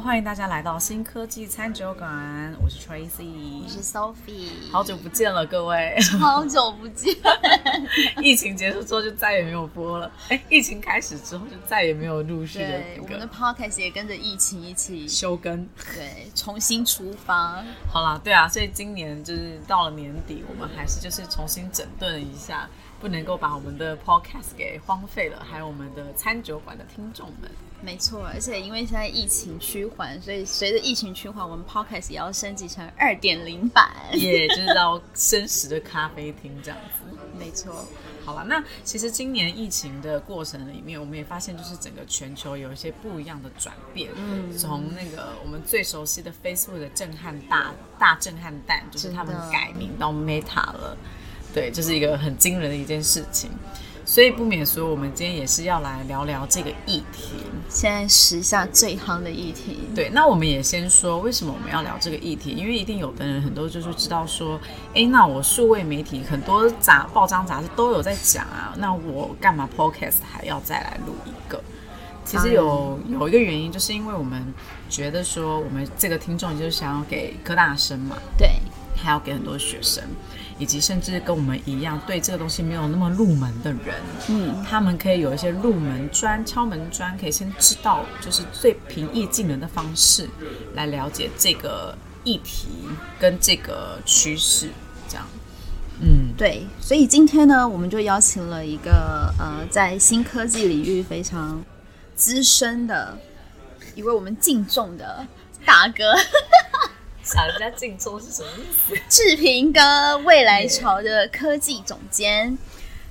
歡迎大家來到新科技餐酒館，我是 Tracy，我是 Sophie，好久不見了，各位，好久不見了， 疫情結束之後就再也沒有播了，疫情開始之後就再也沒有陸續的，對這個、我們的 podcast 也跟着疫情一起休更，根對，重新出發，好啦，對啊，所以今年就是到了年底，我們還是就是重新整頓一下。不能夠把我們的 podcast 給荒廢了，還有我們的餐酒館的聽眾們。沒錯，而且因為現在疫情趨緩，所以隨着疫情趨緩，我們 podcast 也要升級成二點零版，也、 yeah, 就是到真實的咖啡廳這樣子。沒錯錯。好吧，那其實今年疫情的過程裡面，我們也發現，就是整個全球有一些不一樣的轉變。嗯。從那個我們最熟悉的 Facebook 的震撼大對大震撼彈，就是他們改名到 Meta 了。對，這、就是一個很驚人的一件事情，所以不免說，我們今天也是要來聊聊這個議題，現在時下最夯的議題。對，那我們也先說為什麼我們要聊這個議題，因為一定有的人很多就是知道說，誒，那我數位媒體很多雜報章雜誌都有在講啊，那我幹嘛 Podcast 還要再來錄一個？其實有、嗯、有一個原因，就是因為我們覺得說，我們這個聽眾就是想要給科大生嘛，對，還要給很多學生。以及甚至跟我們一樣對這個東西沒有那麼入門的人，嗯，他們可以有一些入門磚、敲門磚，可以先知道，就是最平易近人的方式，來了解這個議題跟這個趨勢，這樣，嗯，對，所以今天呢，我們就邀請了一個呃，在新科技領域非常資深的一位我們敬重的大哥。 想、啊、人家靜坐是什麼意思？志平哥，未來巢的科技總監，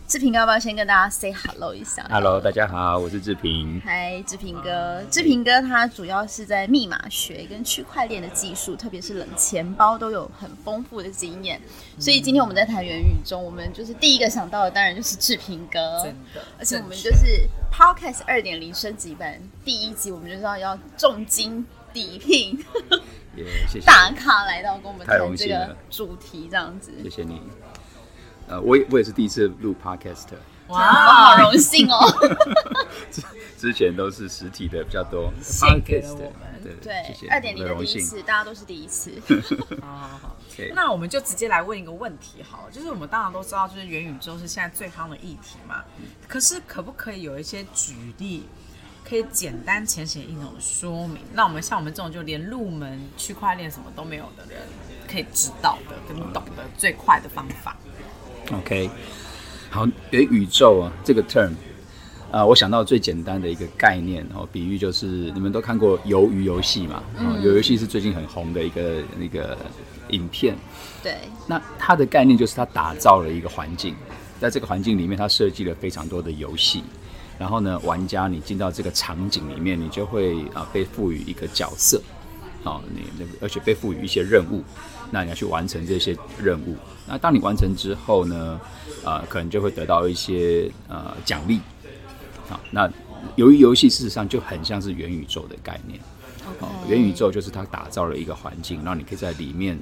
志 Yeah. 平哥要不要先跟大家 say hello 一下 hello, hello.？Hello，大家好，我是志平。嗨，志平哥，志、um, 平哥他主要是在密碼學跟區塊鏈的技術，um, 特別是冷錢包都有很豐富的經驗。Um, 所以今天我們在談元宇宙，我們就是第一個想到的當然就是志平哥。真的，真的，而且我們就是 podcast 二點零升級版第一集，我們就知道要，要重金抵聘。 也、yeah, 謝謝打卡來到跟我們談這個主題這樣子，謝謝你。呃、我我我也是第一次錄 podcast，哇，對好榮幸哦。 之前都是實體的比較多，podcast 我們對對，二點零第一次，幸大家都是第一次。 好好好，Okay. 那我們就直接來問一個問題，好了，就是我們當然都知道，就是元宇宙是現在最夯的議題嘛。可是可不可以有一些舉例？可以簡單淺顯一種說明。那我們像我們這種就連入門區塊鏈什麼都沒有的人，可以知道的、跟懂得最快的方法。OK，好，元宇宙啊這個 term 啊，我想到最簡單的一個概念哦、啊，比喻就是你們都看過《魷魚遊戲》嘛，啊《魷魚遊戲》是最近很紅的一個那個影片，對。那它的概念就是它打造了一個環境，在這個環境裡面，它設計了非常多的遊戲。然後呢，玩家你進到這個場景裡面，你就會啊、呃、被賦予一個角色，啊、哦，你那個而且被賦予一些任務，那你要去完成這些任務。那當你完成之後呢，呃，可能就會得到一些呃獎勵。好、哦，那由於遊戲事實上就很像是元宇宙的概念，Okay. 哦，元宇宙就是它打造了一個環境，讓你可以在裡面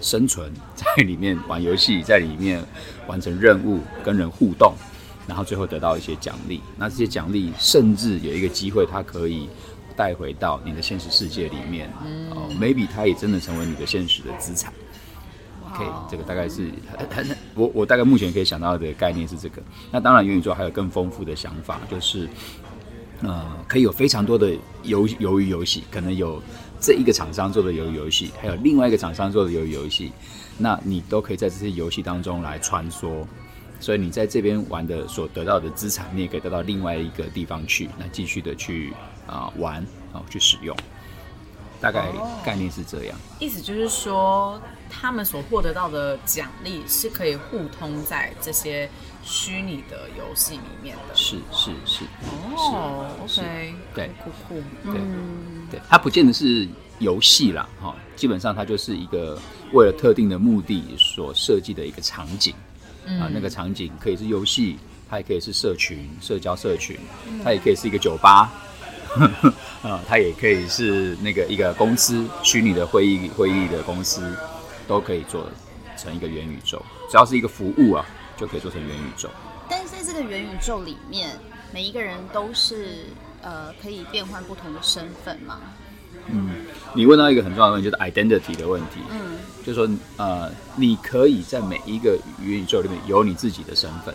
生存，在裡面玩遊戲，在裡面完成任務，跟人互動，然後最後得到一些獎勵，那這些獎勵甚至有一個機會，它可以帶回到你的現實世界裡面，哦，maybe 它也真的成為你的現實的資產。OK，這個大概是，我我大概目前可以想到的概念是這個。那當然，元宇宙還有更豐富的想法，就是，呃，可以有非常多的魷魷魚遊戲，可能有這一個廠商做的魷魚遊戲，還有另外一個廠商做的魷魚遊戲，那你都可以在這些遊戲當中來穿梭。所以你在這邊玩的所得到的資產，你也可以得到另外一個地方去，那繼續的去啊、呃、玩，啊、喔，去使用。大概概念是這樣。哦、意思就是說，他們所獲得到的獎勵是可以互通在這些虛擬的遊戲裡面的是。是是是。是哦是，OK。對，酷酷。對對，它不見得是遊戲啦，哈，基本上它就是一個為了特定的目的所設計的一個場景。嗯、啊，那個場景可以是遊戲，它也可以是社群、社交社群，嗯、它也可以是一個酒吧呵呵，啊，它也可以是那個一個公司，虛擬的會議、會議的公司，都可以做成一個元宇宙。只要是一個服務啊，就可以做成元宇宙。但是在這個元宇宙裡面，每一個人都是呃，可以變換不同的身份嗎？嗯，你問到一個很重要的問題，就是 identity 的問題。嗯就說呃，你可以在每一個元宇宙裡面有你自己的身份，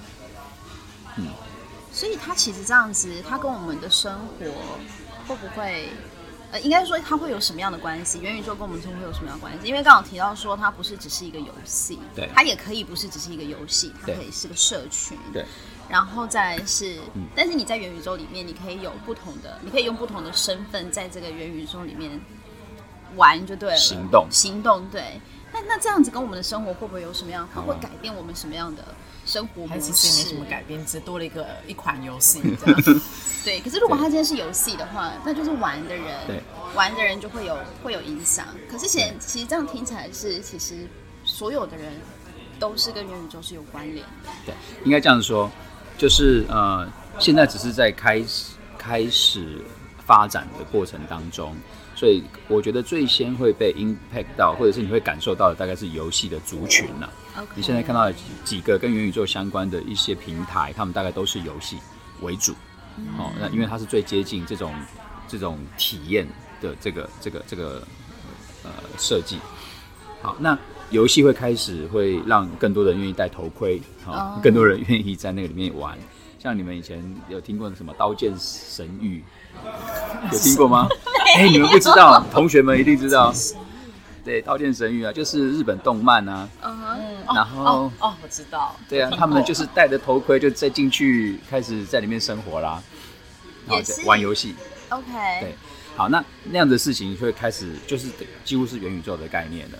嗯，所以它其實這樣子，它跟我們的生活會不會呃，應該說它會有什麼樣的關係？元宇宙跟我們生活有什麼樣的關係？因為剛剛我提到說它不是只是一個遊戲，對，它也可以不是只是一個遊戲，它可以是個社群，對，對，然後再來是，嗯、但是你在元宇宙裡面，你可以有不同的，你可以用不同的身份在這個元宇宙裡面玩就對了，行動，行動，對。那那這樣子跟我們的生活會不會有什麼樣？它會改變我們什麼樣的生活模式？啊、還是其實沒什麼改變，只多了一個一款遊戲。 對，可是如果它今天是遊戲的話，那就是玩的人，對玩的人就會有會有影響。可是現其，對其實這樣聽起來是，其實所有的人都是跟元宇宙是有關聯的。對，應該這樣子說，就是呃，現在只是在開始開始發展的過程當中。所以我覺得最先會被 impact 到，或者是你會感受到的，大概是遊戲的族群了、啊。Okay. 你現在看到的幾個跟元宇宙相關的一些平台，他們大概都是遊戲為主，mm. 哦，那因為它是最接近這種這種體驗的這個這個這個呃設計。好，那遊戲會開始會讓更多人願意戴頭盔，好、哦，更多人願意在那個裡面玩。像你們以前有聽過的什麼《刀劍神域》，有聽過嗎？哎沒、欸，你們不知道，同學們一定知道。對，《刀劍神域》啊，就是日本動漫啊。嗯然後哦，我知道。對啊，他們就是戴着頭盔，就再進去開始在裡面生活啦，然後在玩遊戲。OK。對，好，那那樣的事情就會開始，就是幾乎是元宇宙的概念了。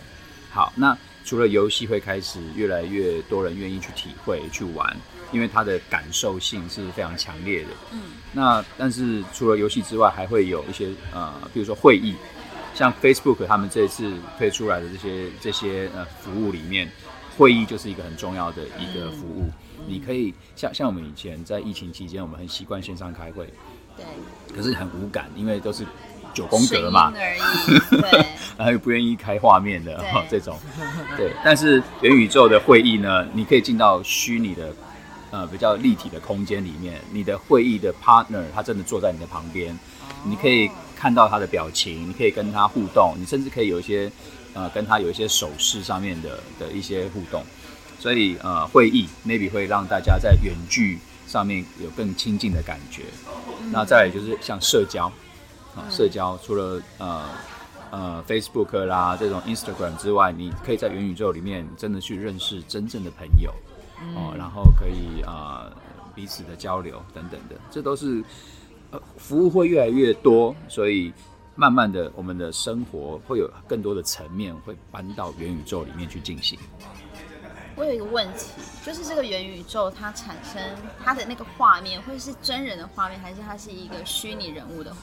好，那。除了遊戲會開始越來越多人願意去體會去玩，因為它的感受性是非常強烈的。嗯，那但是除了遊戲之外，還會有一些呃，比如說會議，像 Facebook 他們這次推出來的這些這些呃服務裡面，會議就是一個很重要的一個服務。嗯嗯，你可以像像我們以前在疫情期間，我們很習慣線上開會，對，可是很無感，因為都是。九宮格嘛，然後又不願意開畫面的對這種，對。但是元宇宙的會議呢，你可以進到虛擬的，呃，比較立體的空間裡面，你的會議的 partner 他真的坐在你的旁邊，哦、你可以看到他的表情，你可以跟他互動，你甚至可以有一些，呃，跟他有一些手勢上面的的一些互動。所以呃，會議 maybe 會讓大家在遠距上面有更親近的感覺。那、嗯、再來就是像社交。哦、社交除了呃呃 Facebook 啦這種 Instagram 之外，你可以在元宇宙裡面真的去認識真正的朋友，哦，然後可以啊、呃、彼此的交流，等等的，這都是呃服務會越來越多，所以慢慢的我們的生活會有更多的層面會搬到元宇宙裡面去進行。我有一個問題，就是這個元宇宙它產生它的那個畫面，會是真人的畫面，還是它是一個虛擬人物的？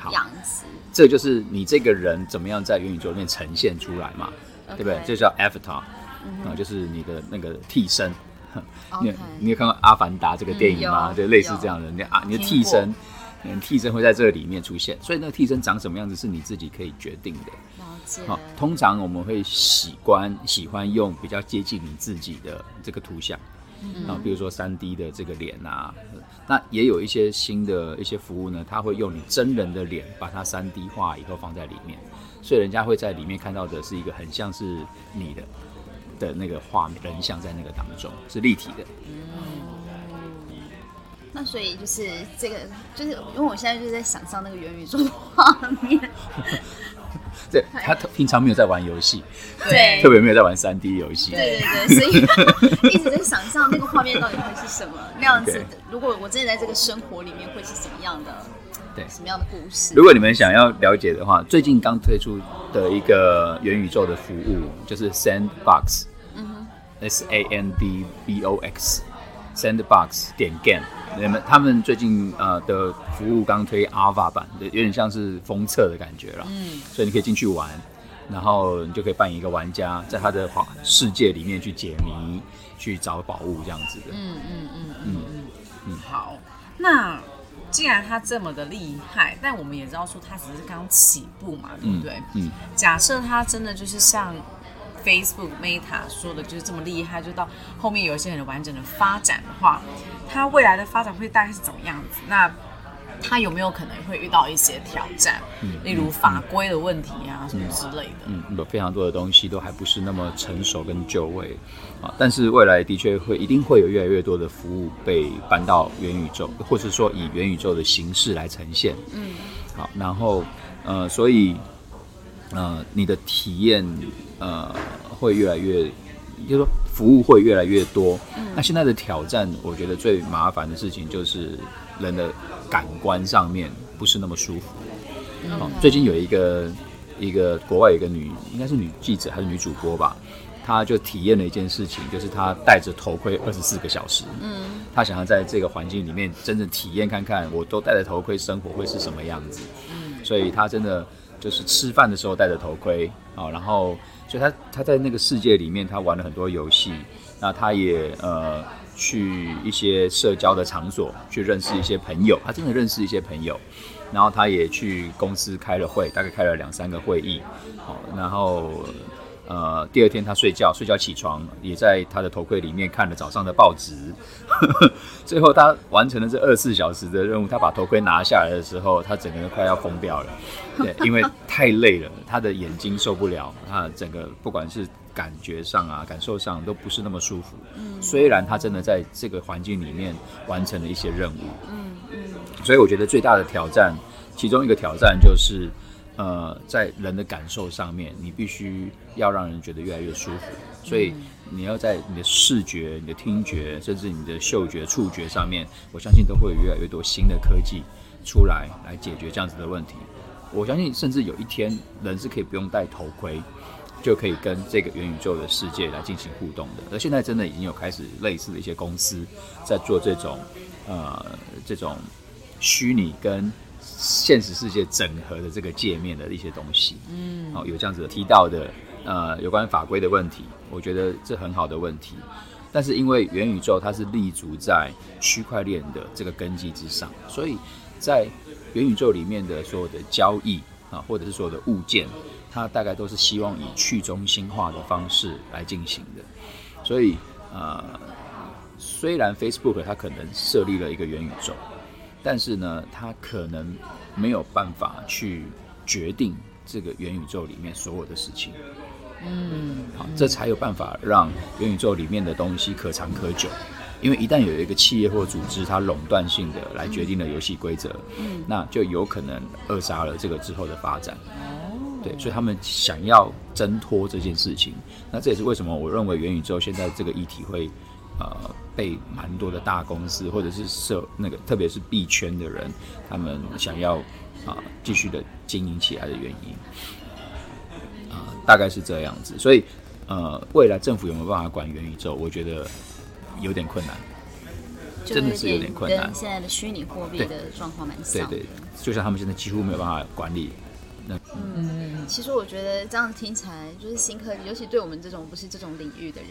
好，樣子，這就是你這個人怎麼樣在元宇宙裡面呈現出來嘛？Okay. 對不對？這叫 Avatar、嗯、啊，就是你的那個替身。你有、okay. 你有看過《阿凡達》這個電影嗎？嗯、就類似這樣的，你啊，你的替身，你的替身會在這裡面出現。所以那個替身長什麼樣子，是你自己可以決定的。了解。好、啊，通常我們會喜歡喜歡用比較接近你自己的這個圖像啊，嗯、然後比如說三 D 的這個臉啊。那也有一些新的一些服務呢，它會用你真人的臉，把它 3D 化以後放在裡面，所以人家會在裡面看到的是一個很像是你的的那個畫面人像在那個當中是立體的。嗯，那所以就是這個，就是因為我現在就是在想象那個元宇宙的畫面。 對他平常沒有在玩遊戲，對，特別沒有在玩 3D 遊戲，對對對，所以一直在想象那個畫面到底會是什麼那樣子 Okay. 如果我真的在這個生活裡面，會是什麼樣的？對，什麼樣的故事？如果你們想要了解的話，對最近剛推出的一個元宇宙的服務就是 Sandbox，嗯哼，S, S A N D B O X。Sandbox 點 Game，你們他們最近呃的服務剛推 Alpha 版，有點像是封測的感覺了。嗯，所以你可以進去玩，然後你就可以扮演一個玩家，在他的世界裡面去解謎、嗯、去找寶物這樣子的。嗯嗯嗯嗯嗯。嗯嗯嗯好，那既然他這麼的厲害，但我們也知道說他只是剛起步嘛，對不對？嗯。嗯假設他真的就是像。Facebook Meta 說的就是這麼厲害，就到後面有一些很完整的發展的話，它未來的發展會大概是怎麼樣子？那它有沒有可能會遇到一些挑戰？嗯，例如法規的問題啊，嗯，什麼之類的。嗯，有，嗯，非常多的東西都還不是那麼成熟跟就位，啊，但是未來的確會一定會有越來越多的服務被搬到元宇宙，或者說以元宇宙的形式來呈現。嗯，好，然後呃，所以。呃，你的體驗呃會越來越，就是說服務會越來越多。嗯、那現在的挑戰，我覺得最麻煩的事情就是人的感官上面不是那麼舒服。哦、嗯，嗯、最近有一個一個國外有一個女，應該是女記者還是女主播吧，她就體驗了一件事情，就是她戴着頭盔二十四個小時。嗯，她想要在這個環境裡面真正體驗看看，我都戴着頭盔生活會是什麼樣子。嗯，所以她真的就是吃飯的時候戴着頭盔啊，然後，所以他他在那個世界裡面，他玩了很多遊戲，那他也呃去一些社交的場所去認識一些朋友，他真的認識一些朋友，然後他也去公司開了會，大概開了兩三個會議，好，然後。呃，第二天他睡覺，睡覺起床，也在他的頭盔裡面看了早上的報紙。呵呵，最後，他完成了這二十四小時的任務。他把頭盔拿下來的時候，他整個人快要瘋掉了，對，因為太累了，他的眼睛受不了，他整個不管是感覺上啊，感受上都不是那麼舒服。雖然他真的在這個環境裡面完成了一些任務，嗯，所以我覺得最大的挑戰，其中一個挑戰就是。呃，在人的感受上面，你必須要讓人覺得越來越舒服，所以你要在你的視覺、你的聽覺，甚至你的嗅覺、觸覺上面，我相信都會有越來越多新的科技出來來解決這樣子的問題。我相信，甚至有一天，人是可以不用戴頭盔，就可以跟這個元宇宙的世界來進行互動的。而現在，真的已經有開始類似的一些公司在做這種呃這種虛擬跟。現實世界整合的這個界面的一些東西，嗯，好，有這樣子提到的，呃，有關法規的問題，我覺得這很好的問題。但是因為元宇宙它是立足在區塊鏈的這個根基之上，所以在元宇宙裡面的所有的交易啊、呃，或者是所有的物件，它大概都是希望以去中心化的方式來進行的。所以呃，雖然 Facebook 它可能設立了一個元宇宙。但是呢，他可能沒有辦法去決定這個元宇宙裡面所有的事情。嗯，好，這才有辦法讓元宇宙裡面的東西可長可久。因為一旦有一個企業或組織，它壟斷性的來決定了遊戲規則，那就有可能扼殺了這個之後的發展。哦，對，所以他們想要掙脫這件事情。那這也是為什麼我認為元宇宙現在這個議題會呃，被蠻多的大公司或者是社那個，特別是幣圈的人，他們想要啊繼、呃、續的經營起來的原因，啊、呃呃，大概是這樣子。所以，呃，未來政府有沒有辦法管元宇宙？我覺得有點困難，真的是有點困難，跟現在的虛擬貨幣的狀況蠻像，對，對對，就像他們現在幾乎沒有辦法管理。嗯，嗯，其實我覺得這樣聽起來，就是新科技，尤其對我們這種不是這種領域的人，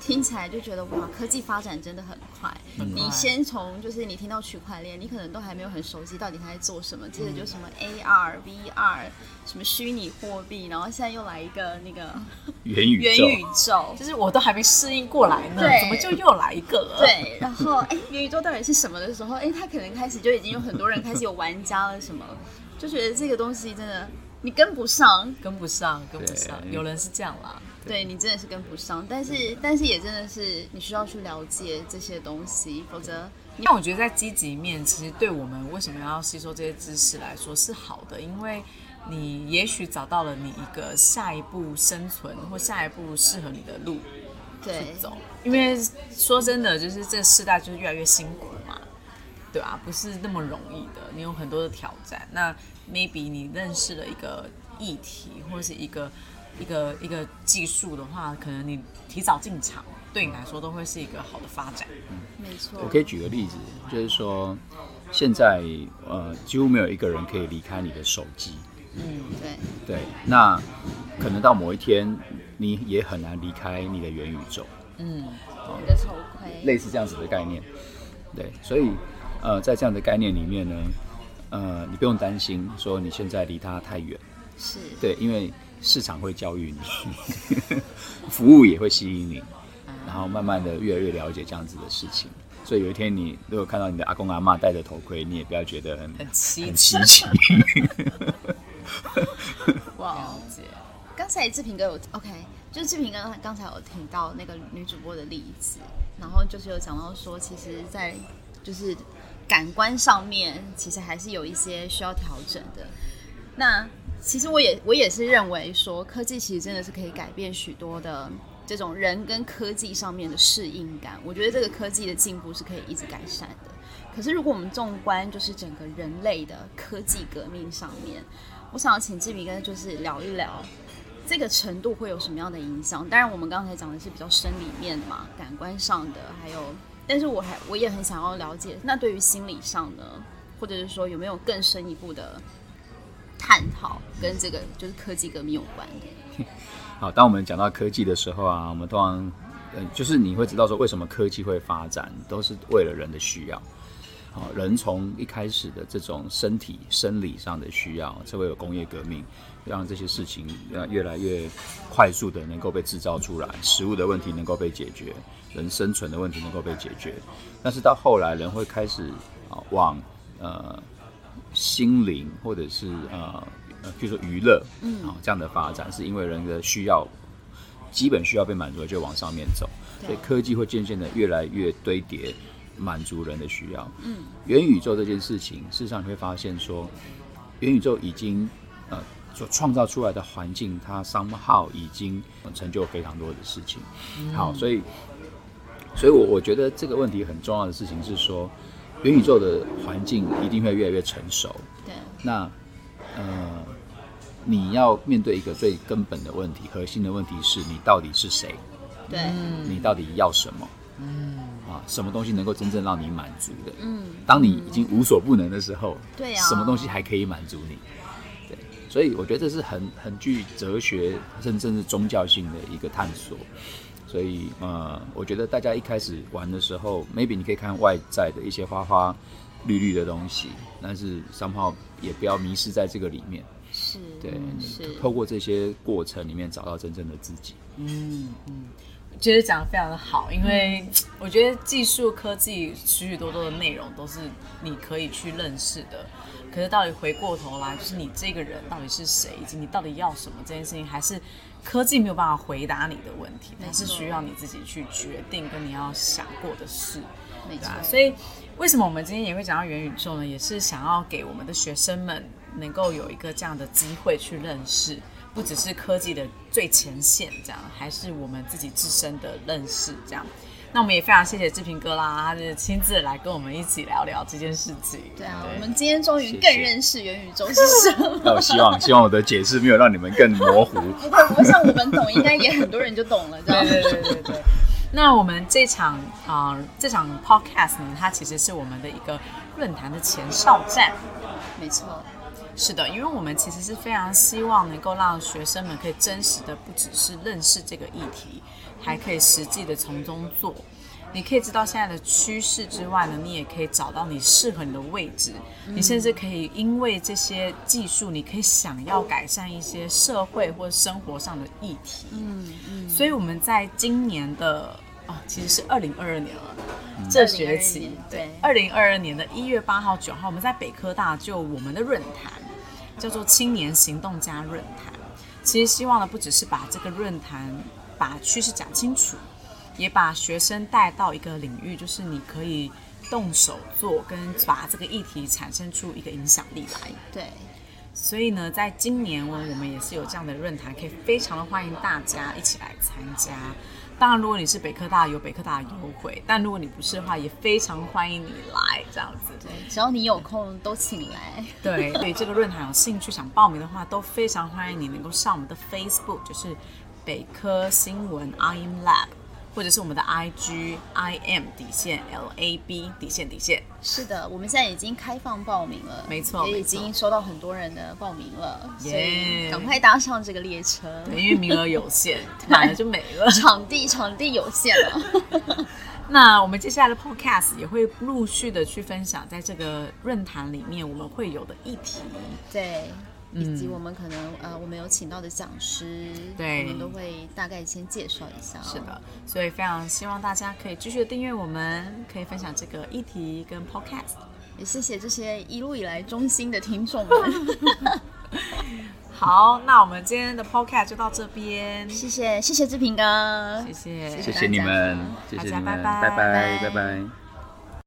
聽起來就覺得哇，科技發展真的很快。你先從就是你聽到區塊鏈，你可能都還沒有很熟悉到底他在做什麼。接着就什麼 AR、VR，什麼虛擬貨幣，然後現在又來一個那個元宇宙， 元宇宙就是我都還沒適應過來呢，對怎麼就又來一個了？對，然後哎、欸，元宇宙到底是什麼的時候，哎、欸，他可能開始就已經有很多人開始有玩家了什麼。就覺得這個東西真的你跟不上，跟不上，跟不上，跟不上。有人是這樣啦，對，對你真的是跟不上。但是，但是也真的是你需要去了解這些東西，否則。因為我覺得在積極面，其實對我們為什麼要吸收這些知識來說是好的，因為你也許找到了你一個下一步生存或下一步適合你的路對。去走。因為說真的，就是這世代就是越來越辛苦。對啊，不是那麼容易的，你有很多的挑戰。那 maybe 你認識了一個議題，或者是一個一個一個技術的話，可能你提早進場，對你來說都會是一個好的發展。嗯，沒錯。我可以舉個例子，就是說，現在呃，幾乎沒有一個人可以離開你的手機。嗯，對。對，那可能到某一天，你也很難離開你的元宇宙。嗯，你的頭盔。類似這樣子的概念。對，所以。呃，在這樣的概念裡面呢，呃，你不用擔心說你現在離他太遠，是對，因為市場會教育你，對 服務也會吸引你，然後慢慢的越來越了解這樣子的事情。所以有一天你如果看到你的阿公阿媽戴着頭盔，你也不要覺得很很奇怪很奇怪。哇！剛才志平哥有，我 OK，就是志平哥剛才有聽到那個女主播的例子，然後就是有講到說，其實在，在就是感官上面，其實還是有一些需要調整的。那其實我也我也是認為說，科技其實真的是可以改變許多的這種人跟科技上面的適應感。我覺得這個科技的進步是可以一直改善的。可是如果我們縱觀就是整個人類的科技革命上面，我想要請志平哥就是聊一聊這個程度會有什麼樣的影響？當然我們剛才講的是比較生理面嘛，感官上的還有。但是我還我也很想要了解，那對於心理上呢，或者是說有沒有更深一步的探討，跟這個就是科技革命有關？ 好，當我們講到科技的時候啊，我們通常，嗯、呃，就是你會知道說為什麼科技會發展，都是為了人的需要。啊，人從一開始的這種身體生理上的需要，才會有工業革命，讓這些事情越來越快速的能夠被製造出來，食物的問題能夠被解決，人生存的問題能夠被解決。但是到後來，人會開始啊往呃心靈或者是呃呃，譬如說娛樂，嗯，啊這樣的發展，是因為人的需要基本需要被滿足的就往上面走，所以科技會漸漸的越來越堆疊。滿足人的需要。嗯，元宇宙這件事情，事實上你會發現說，元宇宙已經呃所創造出來的環境，它 somehow 已經成就了非常多的事情。嗯、好，所以，所以，我我覺得這個問題很重要的事情是說，元宇宙的環境一定會越來越成熟。對，那呃，你要面對一個最根本的問題，核心的問題是你到底是誰？對、嗯，你到底要什麼？嗯。啊，什麼東西能夠真正讓你滿足的？嗯，嗯，當你已經無所不能的時候，對呀、哦，什麼東西還可以滿足你？對，所以我覺得這是很很具哲學，甚至是宗教性的一個探索。所以，呃，我覺得大家一開始玩的時候，maybe 你可以看外在的一些花花綠綠的東西，但是 somehow 也不要迷失在這個裡面。是對，是透過這些過程裡面找到真正的自己。嗯嗯。嗯覺得講的非常的好，因為我覺得技術科技許許多多的內容，都是你可以去認識的，可是到底回過頭來，就是你這個人到底是誰，以及你到底要什麼這件事情，還是科技沒有辦法回答你的問題，還、嗯、是需要你自己去決定跟你要想過的事，嗯、對吧？所以為什麼我們今天也會講到元宇宙呢？也是想要給我們的學生們能夠有一個這樣的機會去認識。不只是科技的最前線，這樣還是我們自己自身的認識，這樣。那我們也非常謝謝志平哥啦，他就是親自來跟我們一起聊聊這件事情。對啊，對我們今天終於更認識元宇宙是什麼。 那我希望，希望我的解釋沒有讓你們更模糊。不 想像我們懂，應該也很多人就懂了，知道嗎？對對對對。那我們這場啊、呃，這場 Podcast 呢，它其實是我們的一個論壇的前哨站。沒錯。是的，因為我們其實是非常希望能夠讓學生們可以真實的，不只是認識這個議題，還可以實際的從中做，你可以知道現在的趨勢之外呢，你也可以找到你適合你的位置，你甚至可以因為這些技術，你可以想要改善一些社會或生活上的議題。嗯嗯。嗯，所以我們在今年的啊、哦，其實是二零二二年了，嗯、這學期202年，對，二零二二年的一月八號、九號，我們在北科大就我們的論壇。叫做青年行動家論壇，其實希望呢，不只是把這個論壇把趨勢講清楚，也把學生帶到一個領域，就是你可以動手做，跟把這個議題產生出一個影響力來。對，所以呢，在今年呢，我們也是有這樣的論壇，可以非常的歡迎大家一起來參加。當然，如果你是北科大，有北科大的優惠，但如果你不是的話，也非常歡迎你來這樣子。對，只要你有空都請來。對，對，這個論壇有興趣想報名的話，都非常歡迎你能夠上我們的 Facebook，就是北科新聞 IM Lab。或者是我們的 I G I M 底線 L A B 底線底線，是的，我們現在已經開放報名了，沒錯，沒錯，也已經收到很多人的報名了，耶！Yeah, 所以趕快搭上這個列車，因為名額有限， 對買了就沒了。場地場地有限了。 那我們接下來的 Podcast 也會陸續的去分享，在這個論壇裡面我們會有的議題。對。以及我們可能、嗯、呃，我們有請到的講師，對，我們都會大概先介紹一下，啊。是的，所以非常希望大家可以繼續訂閱，我們可以分享這個議題跟 Podcast、嗯。也謝謝這些一路以來衷心的聽眾們。好，那我們今天的 Podcast 就到這邊。謝謝，謝謝志平哥，謝謝，謝謝，謝謝你們，謝謝大家，拜，拜拜，拜拜。Bye. 拜拜。